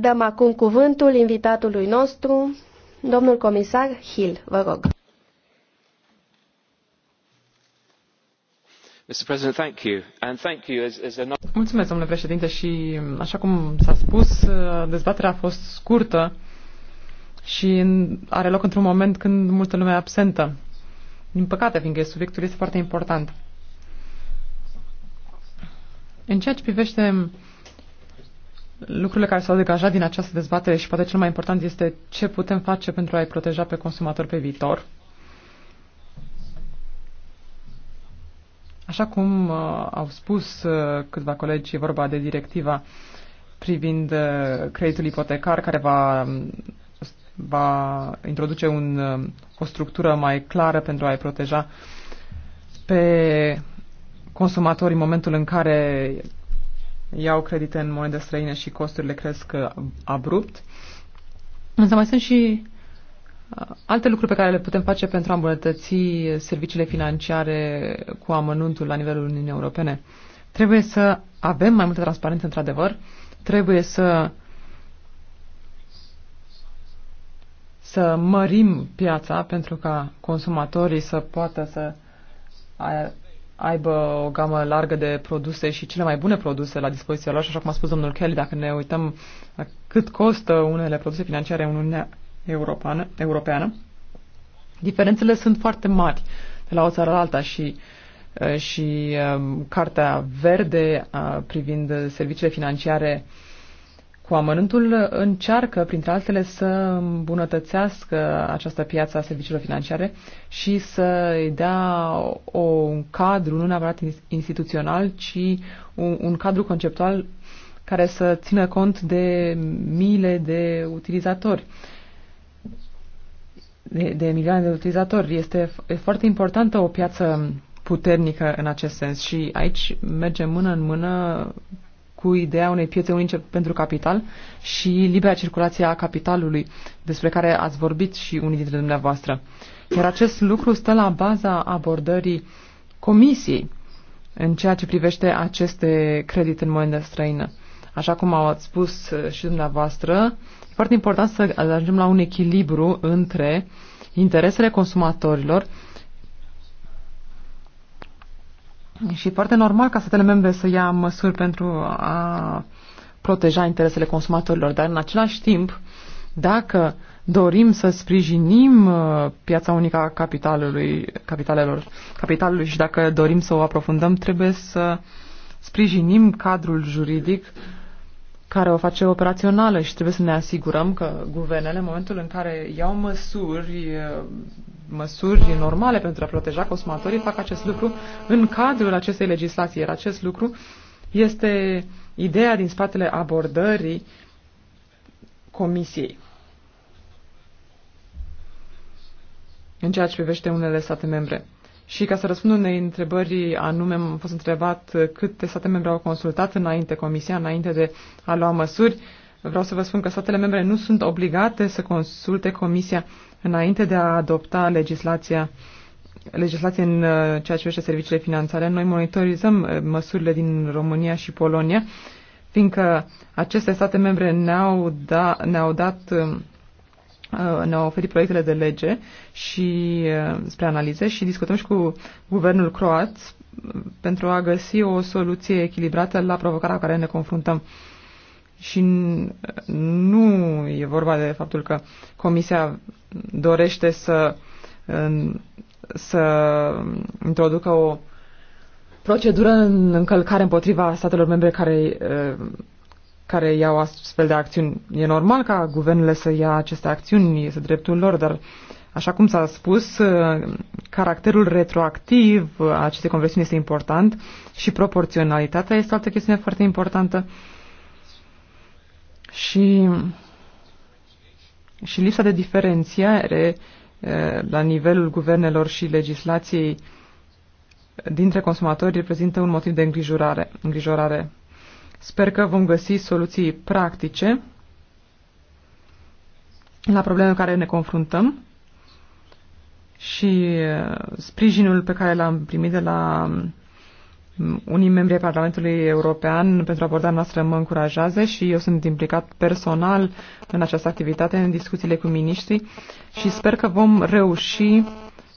Dăm acum cuvântul invitatului nostru, domnul comisar Hill. Vă rog. Mulțumesc, domnule președinte, și așa cum s-a spus, dezbaterea a fost scurtă și are loc într-un moment când multă lume e absentă. Din păcate, fiindcă subiectul este foarte important. În ceea ce privește lucrurile care s-au degajat din această dezbatere și poate cel mai important este ce putem face pentru a-i proteja pe consumator pe viitor. Așa cum uh, au spus uh, câțiva colegi, e vorba de directiva privind uh, creditul ipotecar care va, mm, va introduce un, uh, o structură mai clară pentru a-i proteja pe consumatori în momentul în care iau credite în monede străine și costurile cresc uh, abrupt. Însă mai sunt și uh, alte lucruri pe care le putem face pentru a îmbunătăți serviciile financiare cu amănuntul la nivelul Uniunii Europene. Trebuie să avem mai multă transparență, într-adevăr. Trebuie să să mărim piața pentru ca consumatorii să poată să aibă o gamă largă de produse și cele mai bune produse la dispoziția lor și așa cum a spus domnul Kelly, dacă ne uităm la cât costă unele produse financiare în Uniunea Europeană, Europeană diferențele sunt foarte mari de la o țară la alta și eh, și ehm, cartea verde privind serviciile financiare cu amănântul încearcă, printre altele, să îmbunătățească această piață a serviciilor financiare și să îi dea o cadru, nu neapărat instituțional, ci un, un cadru conceptual care să țină cont de miile de utilizatori, de, de milioane de utilizatori. Este e foarte importantă o piață puternică în acest sens și aici merge mână în mână cu ideea unei piețe unice pentru capital și libera circulație a capitalului, despre care ați vorbit și unii dintre dumneavoastră. Iar acest lucru stă la baza abordării uh, Comisiei în ceea ce privește aceste credite în monedă străină. Așa cum au spus uh, și dumneavoastră, e foarte important să ajungem la un echilibru între interesele consumatorilor și e foarte normal ca statele membre să ia măsuri pentru a proteja interesele consumatorilor, dar în același timp dacă dorim să sprijinim uh, piața unică a capitalului, capitalelor, capitalului și dacă dorim să o aprofundăm, trebuie să sprijinim cadrul juridic care o face operațională și trebuie să ne asigurăm că guvernele, în momentul în care iau măsuri, uh, măsuri normale pentru a proteja consumatorii, fac acest lucru în cadrul acestei legislații. Iar acest lucru este ideea din spatele abordării Comisiei. în ceea ce privește unele state membre. Și ca să răspund unei întrebări anume, am fost întrebat câte state membre au consultat înainte Comisia, înainte de a lua măsuri. Vreau să vă spun că statele membre nu sunt obligate să consulte Comisia înainte de a adopta legislația legislație în uh, ceea ce privește serviciile financiare. Noi monitorizăm uh, măsurile din România și Polonia, fiindcă aceste state membre ne-au da, ne dat um, Uh, ne-au oferit proiectele de lege și uh, spre analize și discutăm și cu guvernul croat pentru a găsi o soluție echilibrată la provocarea cu care ne confruntăm. Și nu e vorba de faptul că Comisia dorește să, să introducă o procedură în încălcare împotriva statelor membre care uh, care iau astfel de acțiuni. E normal ca guvernele să ia aceste acțiuni, este dreptul lor, dar Așa cum s-a spus, caracterul retroactiv a acestei conversiuni este important și proporționalitatea este o altă chestiune foarte importantă. Și, și lipsa de diferențiare eh, la nivelul guvernelor și legislației dintre consumatori reprezintă un motiv de îngrijorare. îngrijorare. Sper că vom găsi soluții practice la problemele care ne confruntăm și uh, sprijinul pe care l-am primit de la um, unii membri ai Parlamentului European pentru abordarea noastră mă încurajează și eu sunt implicat personal în această activitate, în discuțiile cu miniștrii și sper că vom reuși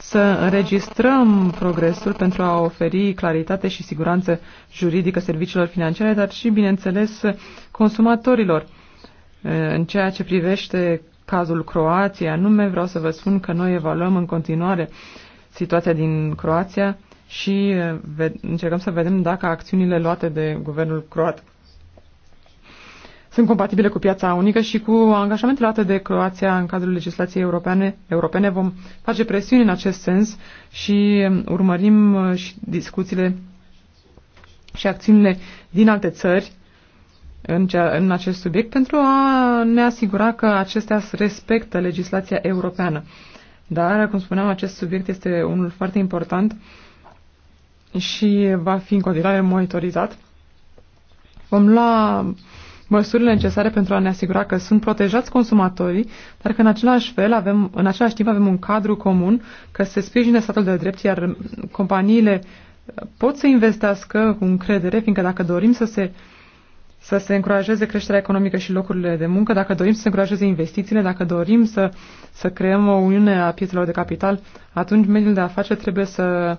să înregistrăm progresul pentru a oferi claritate și siguranță juridică serviciilor financiare, dar și, bineînțeles, consumatorilor. În ceea ce privește cazul Croației, anume vreau să vă spun că noi evaluăm în continuare situația din Croația și eh, încercăm să vedem dacă acțiunile luate de guvernul croat sunt compatibile cu piața unică și cu angajamentele luate de Croația în cadrul legislației europene. europene. Vom face presiuni în acest sens și urmărim uh, și discuțiile și acțiunile din alte țări în, cea, în acest subiect pentru a ne asigura că acestea respectă legislația europeană. Dar, cum spuneam, acest subiect este unul foarte important și va fi în continuare monitorizat. Vom lua măsurile necesare pentru a ne asigura că sunt protejați consumatorii, dar că în același fel avem, în același timp avem un cadru comun, că se sprijine statul de drept, iar companiile uh, pot să investească cu încredere, fiindcă dacă dorim să se să se încurajeze creșterea economică și locurile de muncă, dacă dorim să se încurajeze investițiile, dacă dorim să, să creăm o uniune a piețelor de capital, atunci mediul de afaceri trebuie să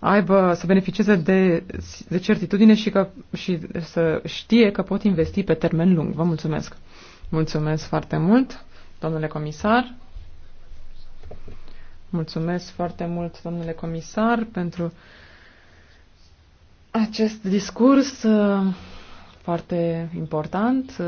aibă, să beneficieze de, de certitudine și, că, și să știe că pot investi pe termen lung. Vă mulțumesc! Mulțumesc foarte mult, domnule comisar! Mulțumesc foarte mult, domnule comisar, pentru acest discurs uh, foarte important